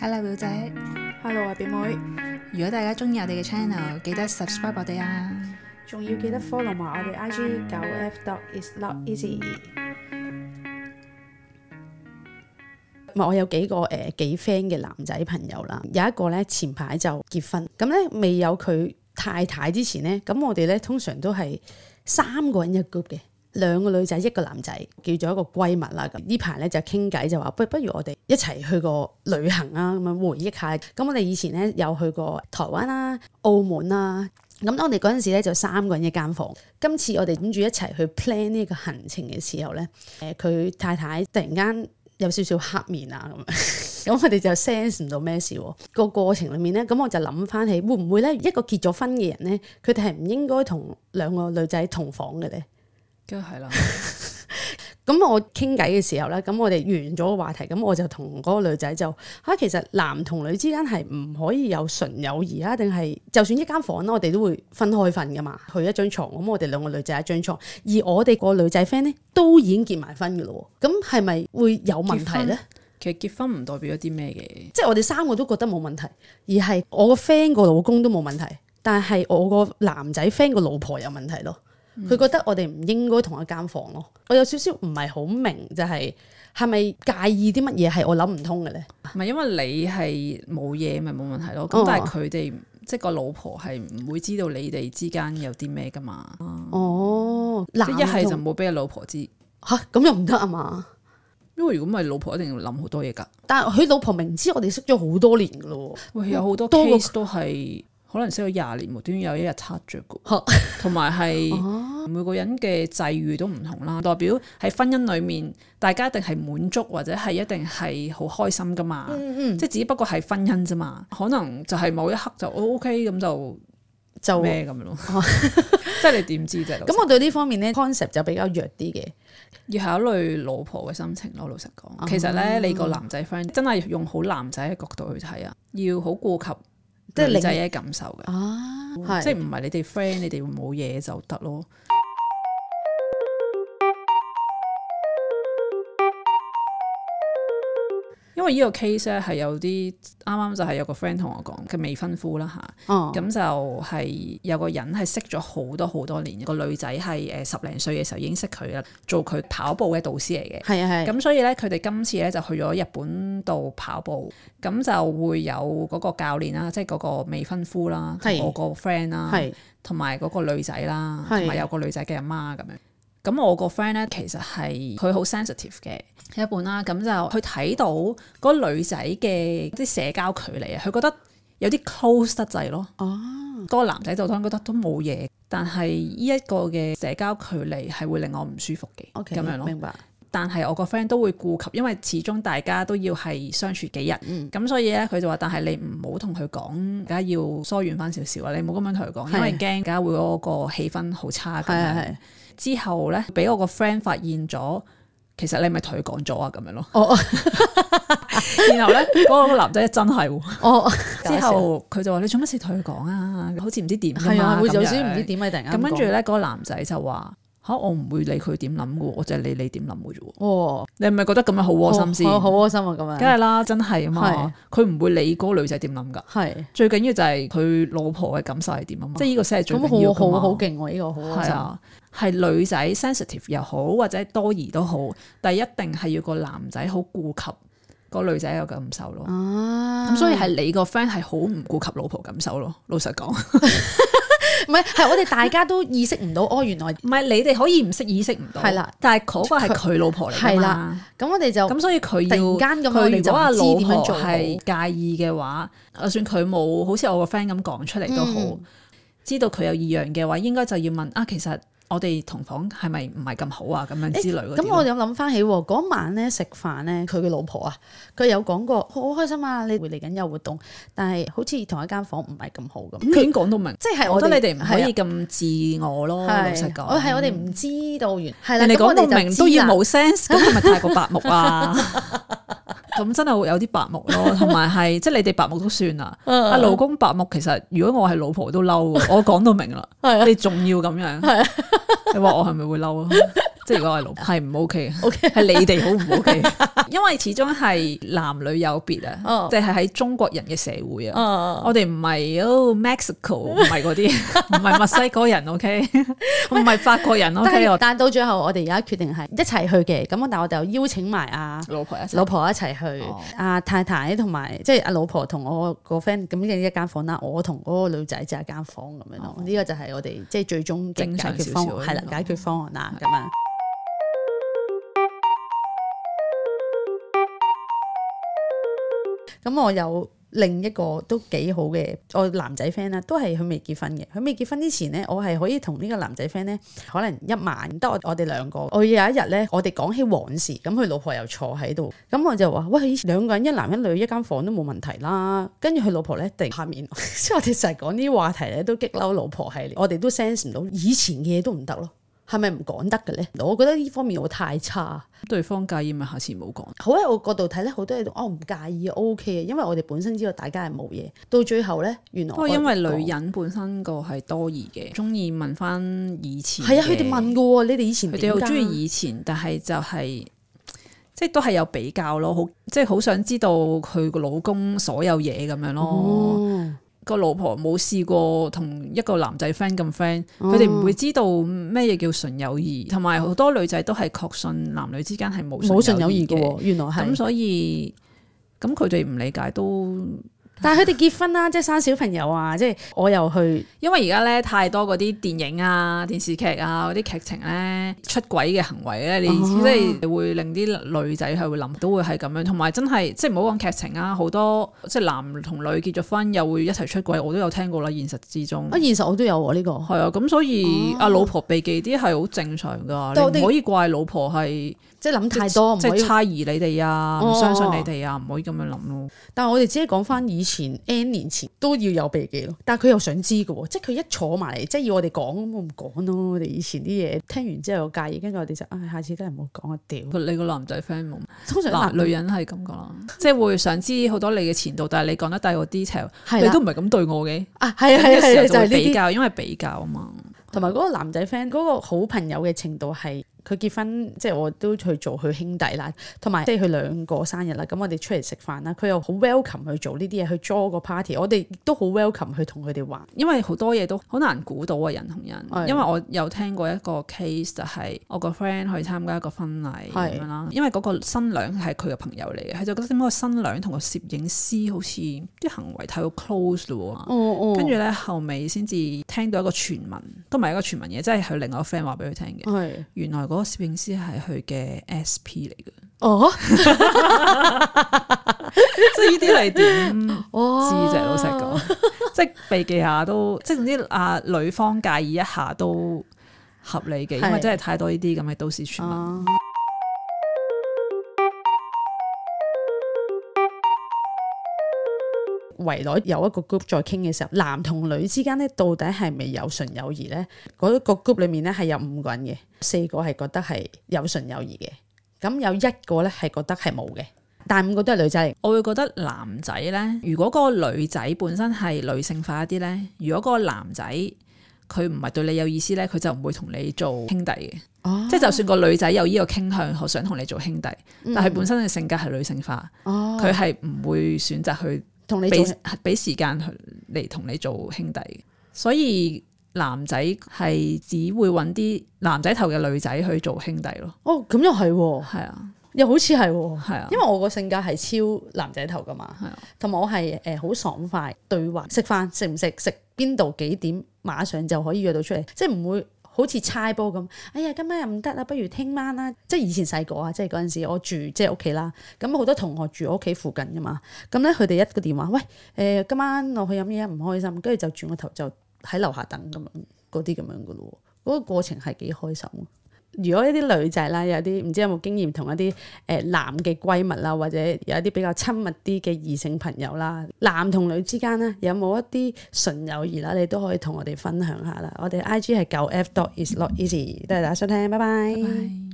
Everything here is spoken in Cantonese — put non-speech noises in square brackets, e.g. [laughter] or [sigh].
hello 表姐，hello 啊表妹，妹。如果大家中意我哋嘅 channel，記得 subscribe 我哋啊。仲要記得 follow 埋我哋 IG 九 F dot is not easy。 [music] 我有幾個誒、呃、幾 friend 嘅男仔朋友啦，有一個咧前排就結婚，咁咧未有佢太太之前咧，咁我哋咧通常都係三個人一 group 嘅。兩個女仔，一個男仔，叫做一個閨蜜啦。咁呢排咧就傾偈，就話不不如我哋一齊去個旅行啊。咁樣回憶下，咁我哋以前咧有去過台灣啦、澳門啦。咁我哋嗰陣時咧就三個人一間房。今次我哋諗住一齊去 plan 呢個行程嘅時候咧，誒、呃、佢太太突然間有少少黑面啊，咁咁 [laughs] 我哋就 sense 唔到咩事。個過程裡面咧，咁我就諗翻起，會唔會咧一個結咗婚嘅人咧，佢哋係唔應該同兩個女仔同房嘅咧？咁係啦，咁 [laughs] 我傾偈嘅時候咧，咁我哋完咗個話題，咁我就同嗰個女仔就吓，其實男同女之間係唔可以有純友誼啊？定係就算一間房啦，我哋都會分開瞓噶嘛，去一張床，咁我哋兩個女仔一張床，而我哋個女仔 friend 咧都已經結埋婚噶啦，咁係咪會有問題咧？其實結婚唔代表一啲咩嘅，即係我哋三個都覺得冇問題，而係我個 friend 個老公都冇問題，但係我個男仔 friend 個老婆有問題咯。佢、嗯、覺得我哋唔應該同一間房咯，我有少少唔係好明，就係係咪介意啲乜嘢係我諗唔通嘅咧？唔係因為你係冇嘢，咪冇問題咯。咁、嗯、但係佢哋即係個老婆係唔會知道你哋之間有啲咩噶嘛？哦，嗱，一係就冇俾老婆知嚇，咁、啊、又唔得啊嘛？因為如果唔係，老婆一定要諗好多嘢噶。但係佢老婆明知我哋識咗好多年咯，喂，有好多 case 都係。可能需要廿年無端端有一日塌著嘅，同埋係每個人嘅際遇都唔同啦。代表喺婚姻裏面，大家一定係滿足或者係一定係好開心噶嘛？嗯嗯即係只不過係婚姻啫嘛。可能就係某一刻就 OK 咁就就咩咁咯。即係你點知啫？咁我對呢方面咧 concept 就比較弱啲嘅，要考慮老婆嘅心情咯。老實講，嗯嗯嗯其實咧你個男仔 friend 真係用好男仔嘅角度去睇啊，要好顧及。即係女仔嘅感受㗎，啊、即係唔係你哋 friend，你哋會冇嘢就得咯。因為呢個 case 咧，係有啲啱啱，就係有個 friend 同我講，佢未婚夫啦吓，咁、哦嗯、就係、是、有個人係識咗好多好多年，個女仔係誒十零歲嘅時候已經識佢啦，做佢跑步嘅導師嚟嘅，係啊係，咁、嗯、所以咧佢哋今次咧就去咗日本度跑步，咁就會有嗰個教練啦，即係嗰個未婚夫啦，我個 friend 啦，同埋嗰個女仔啦，同埋是有個女仔嘅阿媽咁樣。咁我個 friend 咧，其實係佢好 sensitive 嘅一半啦。咁就佢睇到嗰女仔嘅即係社交距離啊，佢覺得有啲 close 得滯咯。哦，嗰個男仔就當然覺得都冇嘢，但係呢一個嘅社交距離係會令我唔舒服嘅。OK，咁樣咯，明白。但係我個 friend 都會顧及，因為始終大家都要係相處幾日，咁、嗯、所以咧佢就話：，但係你唔好同佢講，梗係要疏遠翻少少啊！你唔好咁樣同佢講，嗯、因為驚梗係會嗰個氣氛好差。係係、嗯嗯、之後咧，俾我個 friend 發現咗，其實你咪同佢講咗啊，咁樣咯。然後咧嗰個男仔真係之後佢就話：你做乜事同佢講啊？好似唔知點係啊，唔知點啊，突然咁跟住咧，嗰個男仔就話。 [laughs] 啊、我唔會理佢點諗嘅，我就係理你點諗嘅啫。哦，你係咪覺得咁樣窩好窩心先？好窩心啊！咁樣，梗係啦，真係啊嘛。佢唔是會理嗰個女仔點諗噶。係是最緊要就係佢老婆嘅感受係點是、哦、啊嘛。即係呢個先係最緊要好好好勁呢個好係女仔 sensitive 又好，或者多疑都好，但係一定係要個男仔好顧及個女仔嘅感受咯。咁、啊、所以係你個 friend 係好唔顧及老婆感受咯。老實講。 [laughs] 唔係，係我哋大家都意識唔到，哦，原來唔係你哋可以唔識意識唔到，係啦的，但係嗰個係佢老婆嚟噶嘛，咁我哋就咁，所以佢要佢如果阿老婆係介意嘅話，就算佢冇好似我個 friend 咁講出嚟都好，好好嗯、知道佢有異樣嘅話，應該就要問啊，其實。我哋同房係咪唔係咁好啊？咁樣、欸、之類嗰啲咁我有諗翻起嗰晚咧，食飯咧，佢嘅老婆啊，佢有講過好開心啊，你會嚟緊有活動，但係好似同一間房唔係咁好咁。佢已經講到明，她即係我，我覺得你哋唔可以咁自我咯。啊、老實講，我係我哋唔知道完。係啦、啊，你講到明，都要冇 sense，咁咪太過白目啊！ [laughs] 咁真係會有啲白目咯，同埋係即係你哋白目都算啦。阿 [laughs] 老公白目，其實如果我係老婆都嬲，我講到明啦， [laughs] 你仲要咁樣， [laughs] 你話我係咪會嬲啊？ [laughs] 即係如果我係老婆，係唔 OK 嘅，OK 係你哋好唔 OK？因為始終係男女有別啊，即係喺中國人嘅社會啊，我哋唔係哦，Mexico 唔係嗰啲，唔係墨西哥人，OK，我唔係法國人，OK。但到最後，我哋而家決定係一齊去嘅。咁但係我哋又邀請埋阿老婆一老婆一齊去，阿太太同埋即係阿老婆同我個 friend，咁嘅一間房啦。我同嗰個女仔就一間房咁樣咯。呢個就係我哋即係最終正常嘅方案，係啦，解決方案啦咁樣。咁我有另一個都幾好嘅，我男仔 friend 啦，都係佢未結婚嘅。佢未結婚之前呢，我係可以同呢個男仔 friend 咧，可能一晚得我哋兩個。我有一日呢，我哋講起往事，咁佢老婆又坐喺度，咁我就話喂，以前兩個人一男一女一間房都冇問題啦。跟住佢老婆呢，突然下面，即 [laughs] 係我哋成日講呢啲話題咧，都激嬲老婆系列。我哋都 sense 唔到以前嘅嘢都唔得咯。係咪唔講得嘅咧？我覺得呢方面我太差，對方介意咪下次唔好講。好，喺我角度睇咧，好多嘢我唔介意，O K 嘅，因為我哋本身知道大家係冇嘢。到最後咧，原來不過因為女人本身個係多疑嘅，中意問翻以前。係啊，佢哋問嘅喎，你哋以前，佢哋好中意以前，但係就係、是、即係都係有比較咯，好即係好想知道佢個老公所有嘢咁樣咯。哦。個老婆冇試過同一個男仔 friend 咁 friend，佢哋唔會知道咩嘢叫純友誼，同埋好多女仔都係確信男女之間係冇冇純友誼嘅，原來係咁，所以咁佢哋唔理解都。但係佢哋結婚啦，即係生小朋友啊，即係我又去，因為而家咧太多嗰啲電影啊、電視劇啊，嗰啲劇情咧，出軌嘅行為咧，你即係會令啲女仔係會諗，都會係咁樣。同埋真係即係唔好講劇情啊，好多即係男同女結咗婚又會一齊出軌，我都有聽過啦。現實之中啊，現實我都有呢個。係啊，咁所以阿老婆避忌啲係好正常㗎，唔可以怪老婆係即係諗太多，即係猜疑你哋啊，唔相信你哋啊，唔可以咁樣諗咯。但係我哋只係講翻以前。前 N 年前都要有避忌咯，但係佢又想知㗎喎，即係佢一坐埋嚟，即係要我哋講，我唔講咯。我哋以前啲嘢聽完之後我介意，跟住我哋就唉、哎，下次都係唔好講啊！屌，你個男仔 friend 冇，通常男女，男女人係咁講，即係會想知好多你嘅前度，但係你講得大個 detail，佢都唔係咁對我嘅啊，係啊係啊，就係比較，因為比較啊嘛，同埋嗰個男仔 friend 嗰個好朋友嘅程度係。佢結婚即係我都去做佢兄弟啦，同埋即係佢兩個生日啦，咁我哋出嚟食飯啦。佢又好 welcome 去做呢啲嘢，去 join 個 party。我哋都好 welcome 去同佢哋玩，因為好多嘢都好難估到啊，人同人。是因為我有聽過一個 case 就係我個 friend 去參加一個婚禮咁樣啦，是因為嗰個新娘係佢嘅朋友嚟嘅，佢就覺得點解個新娘同個攝影師好似啲行為太過 close 咯，跟住咧，後尾先至聽到一個傳聞，都唔係一個傳聞嘢，即係佢另外一個 friend 話俾佢聽嘅。是原來、嗰個攝影師係佢嘅 S.P 嚟嘅，哦，即係呢啲嚟點知啫。老實講，即係避忌下都，即係總之阿女方介意一下都合理嘅，因為真係太多呢啲咁嘅都市傳聞。圍內有一個 group 再傾嘅時候，男同女之間咧，到底係咪有純友誼呢？嗰個 group 裏面咧係有五個人嘅，四個係覺得係有純友誼嘅，咁有一個咧係覺得係冇嘅。但五個都係女仔嚟，我會覺得男仔呢，如果嗰個女仔本身係女性化一啲呢，如果嗰個男仔佢唔係對你有意思呢，佢就唔會同你做兄弟嘅。即係、哦、就，就算個女仔有呢個傾向，我想同你做兄弟，但係本身嘅性格係女性化，佢係唔會選擇去。同你俾俾時間去嚟同你做兄弟，所以男仔係只會揾啲男仔頭嘅女仔去做兄弟囉。哦，咁又係，係啊，又好似係喎，係啊，因為我個性格係超男仔頭㗎嘛，係啊，同埋我係誒好爽快對話，食飯食唔食，食邊度幾點，馬上就可以約到出嚟，即係唔會。好似猜波咁，哎呀，今晚又唔得啦，不如聽晚啦，即係以前細個啊，即係嗰陣時我住即係屋企啦，咁好多同學住我屋企附近噶嘛，咁咧佢哋一個電話，喂，誒、呃，今晚落去飲嘢唔開心，跟住就轉個頭就喺樓下等咁樣，嗰啲咁樣噶咯，嗰個過程係幾開心。如果一啲女仔啦，有啲唔知有冇經驗同一啲誒、呃、男嘅閨蜜啦，或者有一啲比較親密啲嘅異性朋友啦，男同女之間啦，有冇一啲純友誼啦？你都可以同我哋分享下啦。我哋 IG 係 9f dot is not easy，多謝大家收聽，拜拜。拜拜。